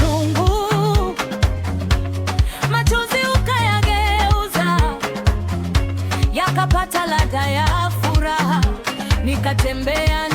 uchungu, machozi ukayageuza yakapata ladha ya furaha, nikatembea